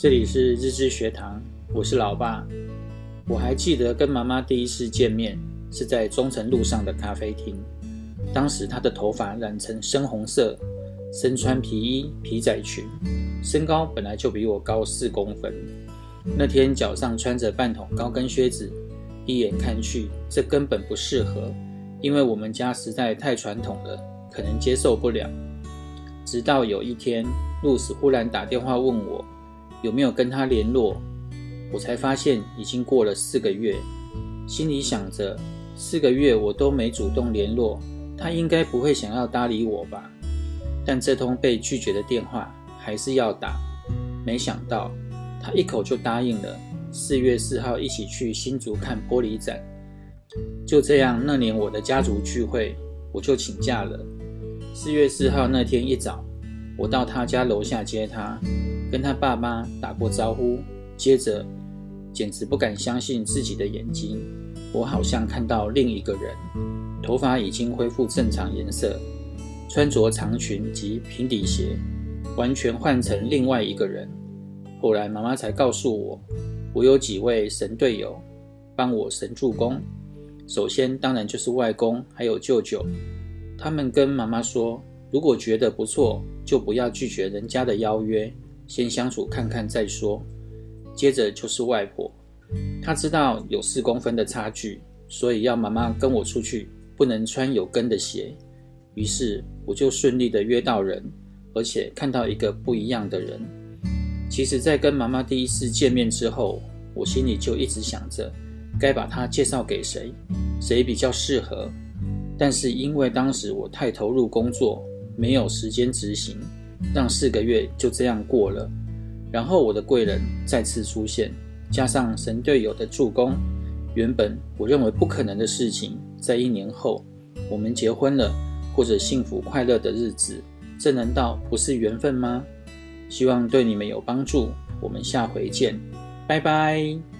這裡是日之學堂，我是老爸。我還記得跟媽媽第一次見面是在忠誠路上的咖啡廳，當時她的頭髮染成深紅色，身穿皮衣皮仔裙，身高本來就比我高四公分。那天腳上穿着半筒高跟靴子，一眼看去，這根本不適合，因為我們家實在太傳統了，可能接受不了。直到有一天，露絲忽然打電話問我。有沒有跟他聯絡？我才發現已經過了四個月，心裡想着，四個月我都沒主動聯絡，他應該不會想要搭理我吧？但這通被拒絕的電話還是要打。沒想到他一口就答應了，四月四號一起去新竹看玻璃展。就這樣，那年我的家族聚會，我就請假了。四月四號那天一早，我到他家樓下接他。跟他爸媽打過招呼，接着簡直不敢相信自己的眼睛。我好像看到另一個人，頭髮已經恢復正常顏色，穿着長裙及平底鞋，完全換成另外一個人。後來媽媽才告訴我，我有幾位神隊友幫我神助攻。首先，當然就是外公還有舅舅，他們跟媽媽說，如果覺得不錯，就不要拒絕人家的邀約。先相處看看再說。接着就是外婆，她知道有四公分的差距，所以要媽媽跟我出去，不能穿有跟的鞋。於是我就順利的約到人，而且看到一個不一樣的人。其實，在跟媽媽第一次見面之後，我心裡就一直想着，該把她介紹給誰，誰比較適合。但是因為當時我太投入工作，沒有時間執行。讓四個月就這樣過了，然後我的貴人再次出現，加上神隊友的助攻，原本我認為不可能的事情，在一年後我們結婚了，過着幸福快樂的日子，這難道不是緣分嗎？希望對你們有幫助，我們下回見，拜拜。